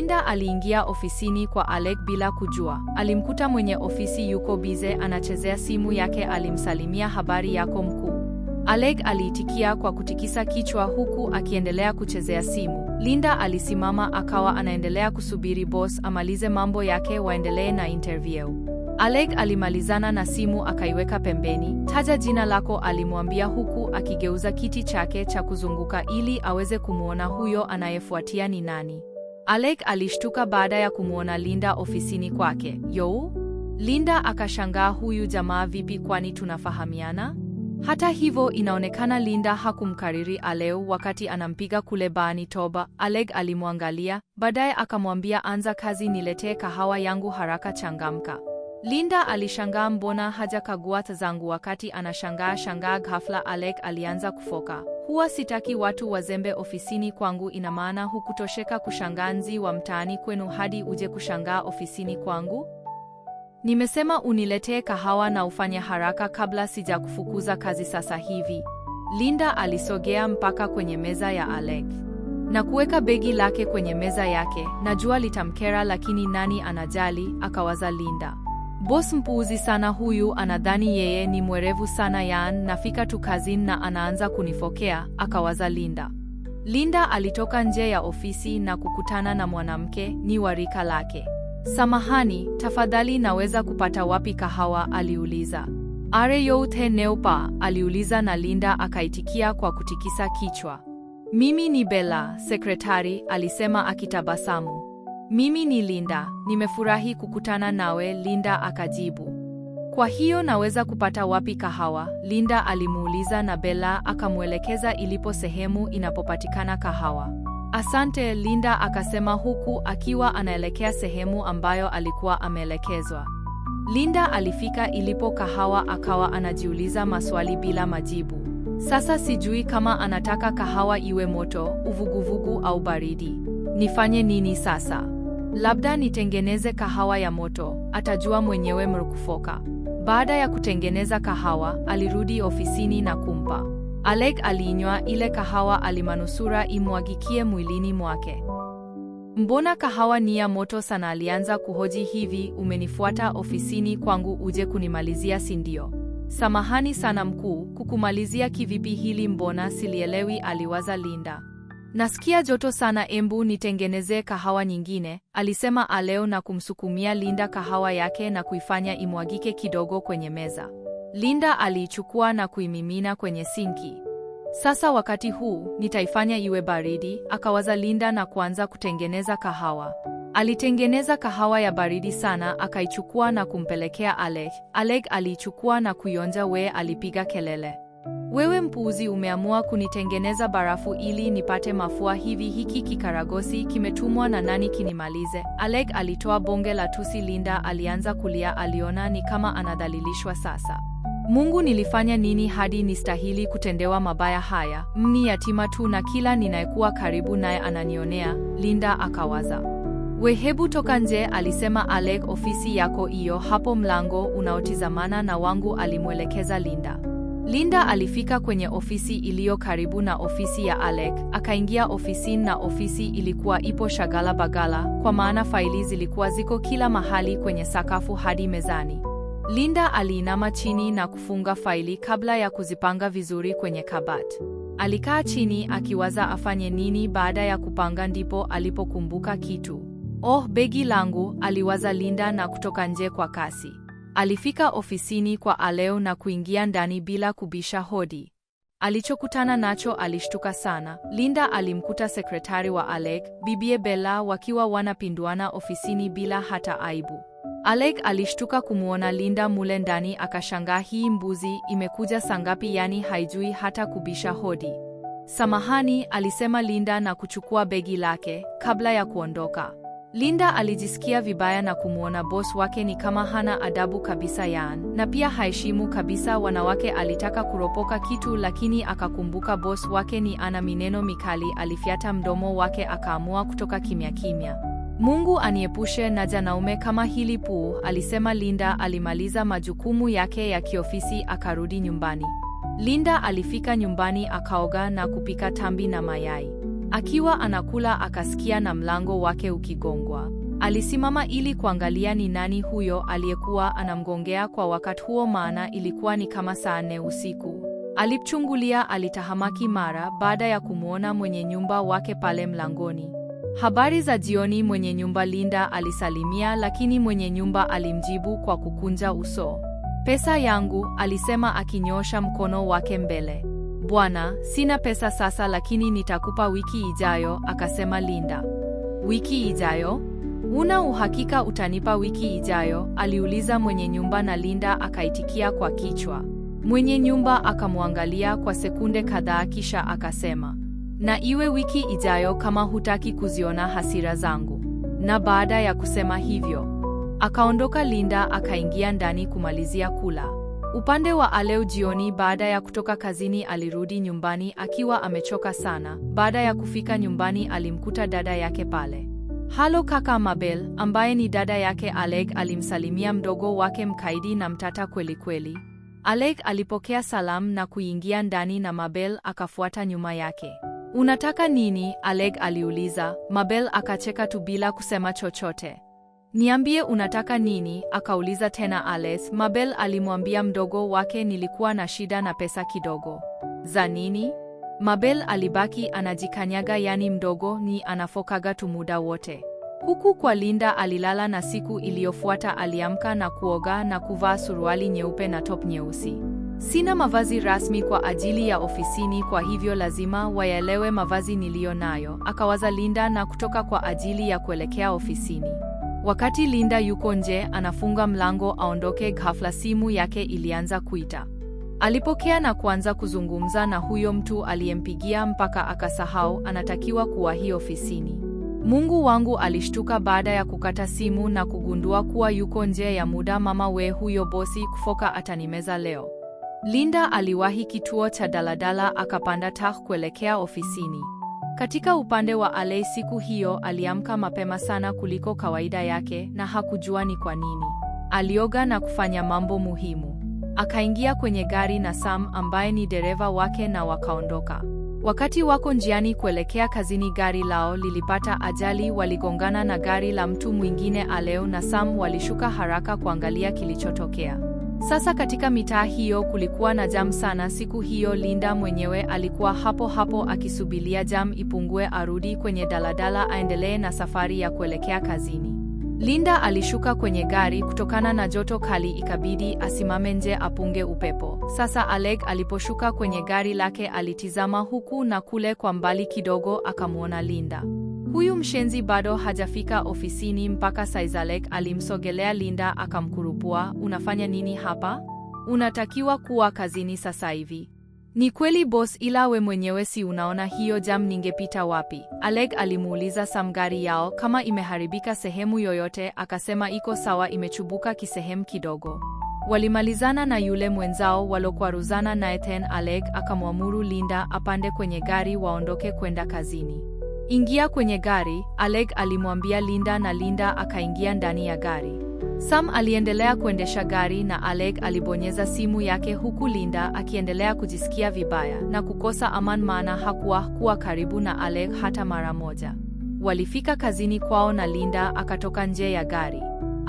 Linda aliingia ofisini kwa Alec bila kujua. Alimkuta mwenye ofisi yuko bize anachezea simu yake. Alimsalimia, habari yako mkuu? Alec aliitikia kwa kutikisa kichwa huku akiendelea kuchezea simu. Linda alisimama akawa anaendelea kusubiri boss amalize mambo yake waendelee na interview. Alec alimalizana na simu akaiweka pembeni. Taja jina lako, alimwambia huku akigeuza kiti chake cha kuzunguka ili aweze kumwona huyo anayefuatia ni nani. Alec alishtuka baada ya kumwona Linda ofisini kwake. Yo, Linda akashangaa huyu jamaa vipi kwani tunafahamiana? Hata hivyo inaonekana Linda hakumkariri Aleo wakati anampiga kule baani toba. Alec alimwangalia, baadaye akamwambia anza kazi niletee kahawa yangu haraka changamka. Linda alishangaa mbona hajakagua zangu wakati anashangaa shangaa ghafla Alec alianza kufoka. Huwa sitaki watu wazembe ofisini kwangu ina maana hukutosheka kushangaa nzi wa mtaani kwenu hadi uje kushangaa ofisini kwangu? Nimesema uniletee kahawa na ufanye haraka kabla sijakufukuza kazi sasa hivi. Linda alisogea mpaka kwenye meza ya Alec na kuweka begi lake kwenye meza yake. Najua litamkera lakini nani anajali, akawaza Linda. Boss mpuuzi sana huyu anadhani yeye ni mwerevu sana yaan, nafika tu kazini na anaanza kunifokea, akawaza Linda. Linda alitoka nje ya ofisi na kukutana na mwanamke ni warika lake. Samahani, tafadhali naweza kupata wapi kahawa? aliuliza. Are yote neupa? aliuliza na Linda akaitikia kwa kutikisa kichwa. Mimi ni Bella, sekretari, alisema akitabasamu. Mimi ni Linda, nimefurahi kukutana nawe, Linda akajibu. Kwa hiyo naweza kupata wapi kahawa? Linda alimuuliza na Bella akamwelekeza ilipo sehemu inapopatikana kahawa. Asante, Linda akasema huku akiwa anaelekea sehemu ambayo alikuwa ameelekezwa. Linda alifika ilipo kahawa akawa anajiuliza maswali bila majibu. Sasa sijui kama anataka kahawa iwe moto, uvuguvugu au baridi. Nifanye nini sasa? Labda nitengeneze kahawa ya moto, atajua mwenyewe mrukufoka. Baada ya kutengeneza kahawa, alirudi ofisini na kumpa. Alec aliinywa ile kahawa alimanusura imwagikie mwilini mwake. Mbona kahawa ni ya moto sana? Alianza kuhoji. Hivi umenifuata ofisini kwangu uje kunimalizia, si ndio? Samahani sana mkuu, kukumalizia kivipi hili? Mbona silielewi, aliwaza Linda. Nasikia joto sana, embu nitengenezee kahawa nyingine, alisema Aleo na kumsukumia Linda kahawa yake na kuifanya imwagike kidogo kwenye meza. Linda aliichukua na kuimimina kwenye sinki. Sasa wakati huu nitaifanya iwe baridi, akawaza Linda na kuanza kutengeneza kahawa. Alitengeneza kahawa ya baridi sana, akaichukua na kumpelekea Alec. Alec aliichukua na kuionja, we alipiga kelele. Wewe mpuuzi, umeamua kunitengeneza barafu ili nipate mafua hivi? Hiki kikaragosi kimetumwa na nani kinimalize? Alec alitoa bonge la tusi. Linda alianza kulia, aliona ni kama anadhalilishwa sasa. Mungu, nilifanya nini hadi nistahili kutendewa mabaya haya? Mni yatima tu na kila ninayekuwa karibu naye ananionea, Linda akawaza. We, hebu toka nje, alisema Alec. Ofisi yako iyo hapo, mlango unaotizamana na wangu, alimwelekeza Linda. Linda alifika kwenye ofisi iliyo karibu na ofisi ya Alec, akaingia ofisini na ofisi ilikuwa ipo shagala bagala, kwa maana faili zilikuwa ziko kila mahali kwenye sakafu hadi mezani. Linda aliinama chini na kufunga faili kabla ya kuzipanga vizuri kwenye kabati. Alikaa chini akiwaza afanye nini baada ya kupanga ndipo alipokumbuka kitu. Oh, begi langu, aliwaza Linda na kutoka nje kwa kasi. Alifika ofisini kwa Aleo na kuingia ndani bila kubisha hodi. Alichokutana nacho alishtuka sana. Linda alimkuta sekretari wa Alec, bibie Bella wakiwa wanapinduana ofisini bila hata aibu. Alec alishtuka kumwona Linda mule ndani akashangaa, hii mbuzi imekuja sangapi? Yani haijui hata kubisha hodi. Samahani, alisema Linda na kuchukua begi lake kabla ya kuondoka. Linda alijisikia vibaya na kumwona boss wake ni kama hana adabu kabisa yaan na pia haheshimu kabisa wanawake. Alitaka kuropoka kitu lakini akakumbuka boss wake ni ana mineno mikali, alifyata mdomo wake akaamua kutoka kimya kimya. Mungu aniepushe na janaume kama hili puu, alisema Linda. Alimaliza majukumu yake ya kiofisi akarudi nyumbani. Linda alifika nyumbani akaoga na kupika tambi na mayai. Akiwa anakula akasikia na mlango wake ukigongwa. Alisimama ili kuangalia ni nani huyo aliyekuwa anamgongea kwa wakati huo, maana ilikuwa ni kama saa nne usiku. Alipchungulia alitahamaki mara baada ya kumwona mwenye nyumba wake pale mlangoni. Habari za jioni, mwenye nyumba Linda, alisalimia, lakini mwenye nyumba alimjibu kwa kukunja uso. Pesa yangu, alisema akinyosha mkono wake mbele. Bwana, sina pesa sasa lakini nitakupa wiki ijayo, akasema Linda. Wiki ijayo? Una uhakika utanipa wiki ijayo? aliuliza mwenye nyumba na Linda akaitikia kwa kichwa. Mwenye nyumba akamwangalia kwa sekunde kadhaa kisha akasema, na iwe wiki ijayo kama hutaki kuziona hasira zangu. Na baada ya kusema hivyo, akaondoka Linda akaingia ndani kumalizia kula. Upande wa Aleu jioni baada ya kutoka kazini alirudi nyumbani akiwa amechoka sana. Baada ya kufika nyumbani alimkuta dada yake pale. Halo kaka Mabel, ambaye ni dada yake aleg alimsalimia mdogo wake mkaidi na mtata kweli kweli. Aleg alipokea salamu na kuingia ndani na Mabel akafuata nyuma yake. Unataka nini? aleg aliuliza. Mabel akacheka tu bila kusema chochote. Niambie unataka nini? akauliza tena Alex. Mabel alimwambia mdogo wake nilikuwa na shida na pesa kidogo. Za nini? Mabel alibaki anajikanyaga, yani mdogo ni anafokaga tu muda wote. Huku kwa Linda alilala na siku iliyofuata aliamka na kuoga na kuvaa suruali nyeupe na top nyeusi. Sina mavazi rasmi kwa ajili ya ofisini, kwa hivyo lazima wayelewe mavazi niliyo nayo, akawaza Linda na kutoka kwa ajili ya kuelekea ofisini. Wakati Linda yuko nje anafunga mlango aondoke, ghafla simu yake ilianza kuita. Alipokea na kuanza kuzungumza na huyo mtu aliyempigia mpaka akasahau anatakiwa kuwahi ofisini. Mungu wangu, alishtuka baada ya kukata simu na kugundua kuwa yuko nje ya muda. Mama we, huyo bosi kufoka atanimeza leo. Linda aliwahi kituo cha daladala akapanda TAH kuelekea ofisini. Katika upande wa Alei, siku hiyo aliamka mapema sana kuliko kawaida yake na hakujua ni kwa nini. Alioga na kufanya mambo muhimu. Akaingia kwenye gari na Sam ambaye ni dereva wake na wakaondoka. Wakati wako njiani kuelekea kazini, gari lao lilipata ajali, waligongana na gari la mtu mwingine. Aleo na Sam walishuka haraka kuangalia kilichotokea. Sasa katika mitaa hiyo kulikuwa na jam sana siku hiyo. Linda mwenyewe alikuwa hapo hapo akisubilia jam ipungue arudi kwenye daladala aendelee na safari ya kuelekea kazini. Linda alishuka kwenye gari kutokana na joto kali ikabidi asimame nje apunge upepo. Sasa Alec aliposhuka kwenye gari lake alitizama huku na kule kwa mbali kidogo akamwona Linda. Huyu mshenzi bado hajafika ofisini mpaka Saizalek alimsogelea Linda akamkurupua, unafanya nini hapa? Unatakiwa kuwa kazini sasa hivi. Ni kweli boss, ila we mwenyewe si unaona hiyo jam ningepita wapi? Alec alimuuliza Sam gari yao kama imeharibika sehemu yoyote, akasema iko sawa, imechubuka kisehemu kidogo. Walimalizana na yule mwenzao walokwaruzana naye ten. Alec akamwamuru Linda apande kwenye gari waondoke kwenda kazini. Ingia kwenye gari, Alec alimwambia Linda na Linda akaingia ndani ya gari. Sam aliendelea kuendesha gari na Alec alibonyeza simu yake huku Linda akiendelea kujisikia vibaya na kukosa aman maana hakuwa kuwa karibu na Alec hata mara moja. Walifika kazini kwao na Linda akatoka nje ya gari.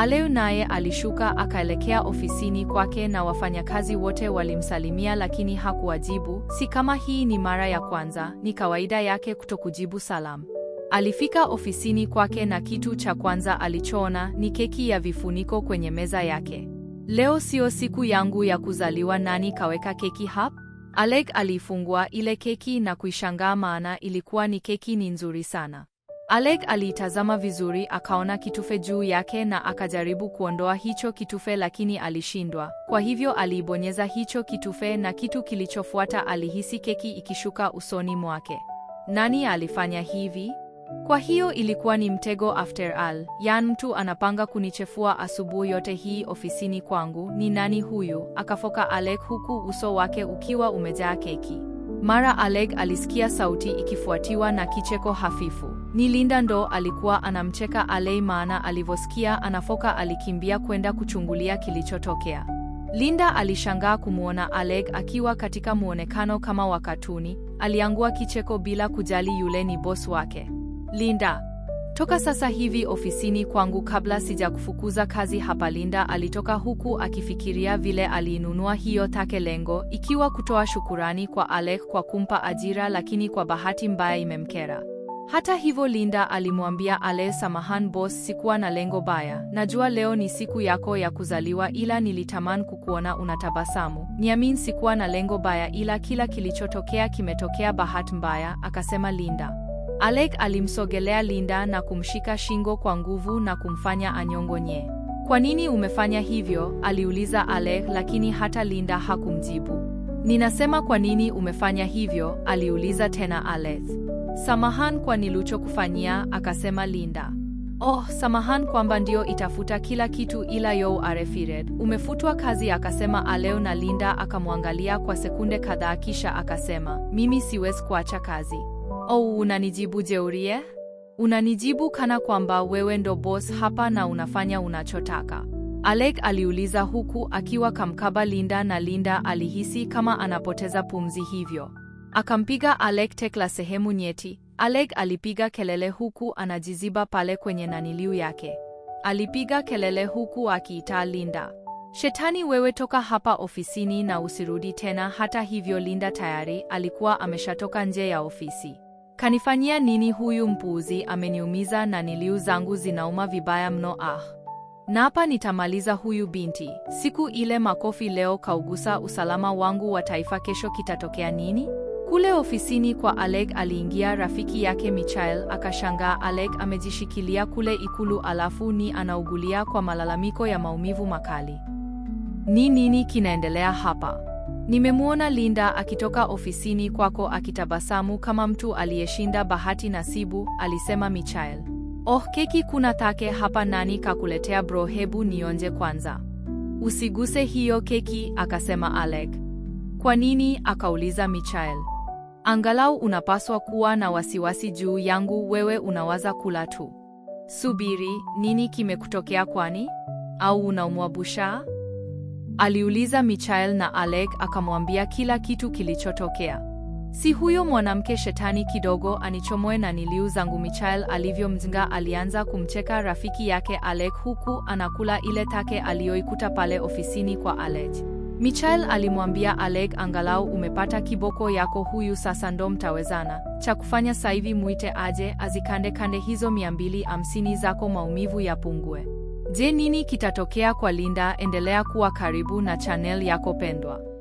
Aleu naye alishuka akaelekea ofisini kwake na wafanyakazi wote walimsalimia lakini hakuwajibu. Si kama hii ni mara ya kwanza, ni kawaida yake kutokujibu salamu. Alifika ofisini kwake na kitu cha kwanza alichoona ni keki ya vifuniko kwenye meza yake. Leo sio siku yangu ya kuzaliwa, nani kaweka keki hap Alec alifungua ile keki na kuishangaa, maana ilikuwa ni keki ni nzuri sana. Alec aliitazama vizuri, akaona kitufe juu yake na akajaribu kuondoa hicho kitufe lakini alishindwa. Kwa hivyo aliibonyeza hicho kitufe na kitu kilichofuata alihisi keki ikishuka usoni mwake. Nani alifanya hivi? Kwa hiyo ilikuwa ni mtego after all. Yan, mtu anapanga kunichefua asubuhi yote hii ofisini kwangu. Ni nani huyu? Akafoka Alec huku uso wake ukiwa umejaa keki. Mara Alec alisikia sauti ikifuatiwa na kicheko hafifu. Ni Linda ndo alikuwa anamcheka alei maana alivyosikia anafoka alikimbia kwenda kuchungulia kilichotokea. Linda alishangaa kumwona Alec akiwa katika muonekano kama wa katuni, aliangua kicheko bila kujali yule ni boss wake. Linda, Toka sasa hivi ofisini kwangu kabla sijakufukuza kazi hapa. Linda alitoka huku akifikiria vile aliinunua hiyo take, lengo ikiwa kutoa shukurani kwa Alec kwa kumpa ajira, lakini kwa bahati mbaya imemkera. Hata hivyo, Linda alimwambia ale samahan boss, sikuwa na lengo baya. Najua leo ni siku yako ya kuzaliwa, ila nilitamani kukuona unatabasamu. Niamin, sikuwa na lengo baya, ila kila kilichotokea kimetokea bahati mbaya, akasema Linda. Alec alimsogelea Linda na kumshika shingo kwa nguvu na kumfanya anyong'onye. Kwa nini umefanya hivyo? aliuliza Alec, lakini hata Linda hakumjibu. Ninasema kwa nini umefanya hivyo? aliuliza tena Alec. Samahan kwa nilichokufanyia, akasema Linda. Oh, samahan kwamba ndio itafuta kila kitu ila you are fired. Umefutwa kazi, akasema Aleo na Linda akamwangalia kwa sekunde kadhaa kisha akasema, mimi siwezi kuacha kazi au oh, unanijibu jeurie Unanijibu kana kwamba wewe ndo boss hapa na unafanya unachotaka. Alec aliuliza huku akiwa kamkaba Linda na Linda alihisi kama anapoteza pumzi hivyo. Akampiga Alec tekla sehemu nyeti. Alec alipiga kelele huku anajiziba pale kwenye naniliu yake. Alipiga kelele huku akiita Linda. Shetani wewe, toka hapa ofisini na usirudi tena. Hata hivyo, Linda tayari alikuwa ameshatoka nje ya ofisi. Kanifanyia nini huyu mpuuzi? Ameniumiza na niliu zangu zinauma vibaya mno. Ah, naapa nitamaliza huyu binti. Siku ile makofi, leo kaugusa usalama wangu wa taifa. Kesho kitatokea nini? Kule ofisini kwa Alec aliingia rafiki yake Michael, akashangaa Alec amejishikilia kule ikulu, alafu ni anaugulia kwa malalamiko ya maumivu makali. Ni nini kinaendelea hapa? Nimemwona Linda akitoka ofisini kwako akitabasamu kama mtu aliyeshinda bahati nasibu, alisema Michael. Oh, keki kuna take hapa, nani kakuletea bro? Hebu nionje kwanza. Usiguse hiyo keki, akasema Alec. Kwa nini? akauliza Michael. Angalau unapaswa kuwa na wasiwasi juu yangu, wewe unawaza kula tu. Subiri, nini kimekutokea kwani? Au unaumwa bushaa? aliuliza Michael na Alec akamwambia kila kitu kilichotokea. Si huyo mwanamke shetani kidogo anichomoe na niliu zangu. Michael alivyomzinga alianza kumcheka rafiki yake Alec huku anakula ile take aliyoikuta pale ofisini kwa Alec. Michael alimwambia Alec, angalau umepata kiboko yako, huyu sasa ndo mtawezana. Cha kufanya hivi muite aje azikande kande hizo 250 zako, maumivu yapungue. Je, nini kitatokea kwa Linda? Endelea kuwa karibu na channel yako pendwa.